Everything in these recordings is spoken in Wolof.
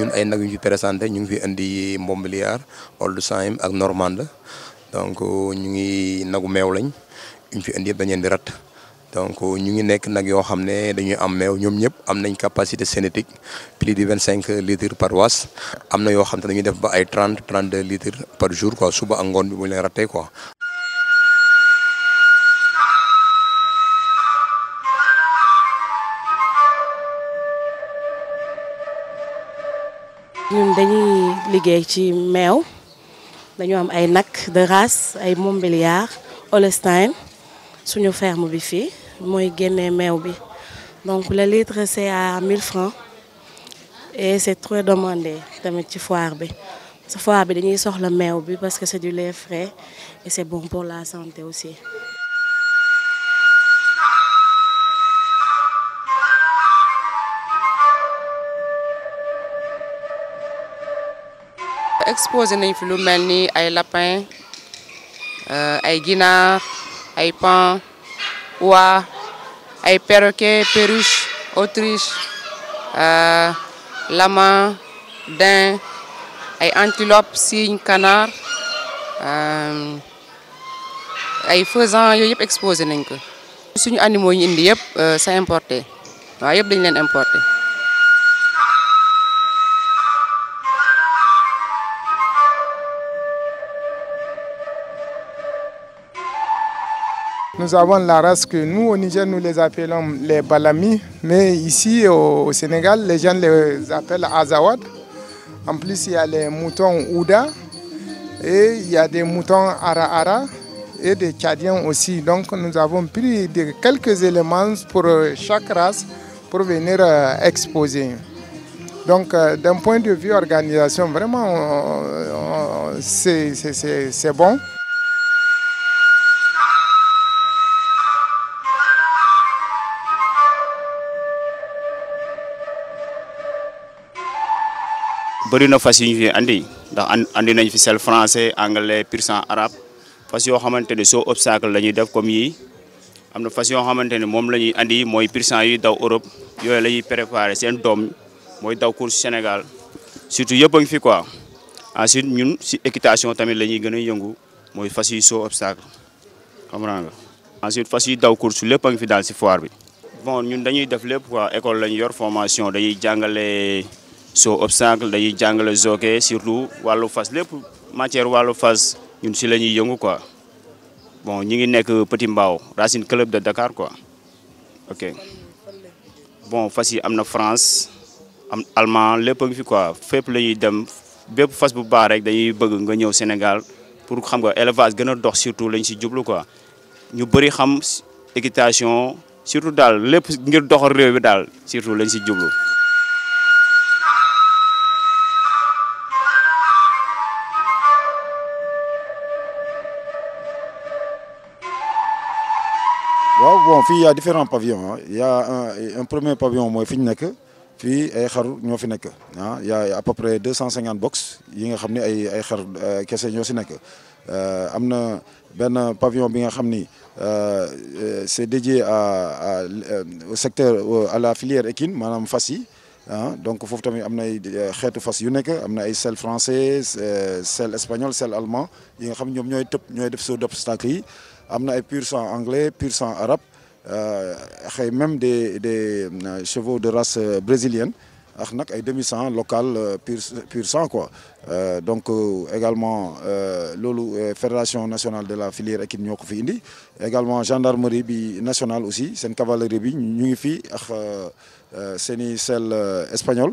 ñun ay nag ñu fi ñu ngi fi indi Montbéliard Old Saïm ak Normande donc ñu ngi nagu meew lañ ñu fi indi yëpp dañu leen di rat donc ñu ngi nekk nag yoo xam ne dañuy am meew ñoom ñëpp am nañ capacité génétique plus de vingt cinq litres par waas am na yoo xam ne dañuy def ba ay trente trente deux litre par jour quoi suba ak ngoon bi bu ñu leen rattee quoi. Nous dañuy des ci meew dañu de race ay Montbéliard Holstein suñu ferme fermes ici, mooy génnee bi donc le litre c'est à 1000 francs et c'est très demandé dans ci foire bi sa foire bi dañuy soxla meew parce que c'est du lait frais et c'est bon pour la santé aussi exposé nañ fi lu mel ni ay lapin euh, ay ginaar ay pan waa ay perroquet perruche autruche euh, lama daim ay antilope cygne canard euh, ay faisan yooyu yëpp exposé nañ ko suñu animaux ñu indi yëpp c'est importé waaw yëpp dañ leen importé Nous avons la race que nous, au Niger, nous les appelons les Balami, mais ici au, Sénégal, les gens les appellent Azawad. En plus, il y a les moutons Ouda et il y a des moutons Araara et des Tchadiens aussi. Donc, nous avons pris quelques éléments pour euh, chaque race pour venir euh, exposer. Donc, euh, d'un point de vue organisation, vraiment, c'est bon. bari na fas yi ñu fi andi ndax andi nañ fi sel français anglais pur sang arabe fas yoo xamante ne soo obstacle la ñuy def comme yi am na fas yoo xamante ne moom la ñuy andi mooy pur sang yuy daw Europe yooyu la ñuy préparé seen doom mooy daw course Sénégal surtout yëpp a ngi fi quoi ensuite ñun si équitation tamit la ñuy gën a yëngu mooy fas yu soo obstacle comprendre nga ensuite fas yu daw course lépp a fi daal si foir bi bon ñun dañuy def lépp quoi école lañu yor formation dañuy jàngale soo obstacle dañuy jàngale jockey surtout wàllu fas lépp matière wàllu fas ñun si la ñuy yëngu quoi bon ñu ngi nekk Petit Mbao Racine Club de Dakar quoi ok bon fas yi am na France am allemand lépp a fi quoi fépp la ñuy dem bépp fas bu baax rek dañuy bëgg nga ñëw Sénégal pour xam nga élevage gën a dox surtout lañ si jublu quoi ñu bëri xam équitation surtout daal lépp ngir doxal réew bi daal surtout lañ si jublu. bon fii y a différents pavillons Il hein. y a un un premier pavillon mooy fi ñu nekk fii ay xar ñoo fi nekk ah. y a à peu près 250 boxes. cinquante box yi nga xam ne ay ay xar euh, kese ñoo si nekk euh, pavillon bi nga euh, c'est dédié à au secteur à la filière équine Madame Fassi. Hein, ah. donc il tamit am na ay xeetu yu nekk am ay sel français sel espagnol sel allemand yi nga xam ñoom ñooy tëb ñooy def saut d'obstacle yi am ay pur sang anglais pur sang arabe euh, même des euh, chevaux de race euh, brésilienne ak nak ay demi local pur sang quoi donc également la fédération nationale de la filière équipe ñoko également gendarmerie nationale aussi une cavalerie bi ñu fi espagnole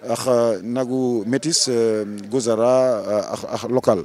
ak euh, nagu métis euh, gozara euh, ak ak local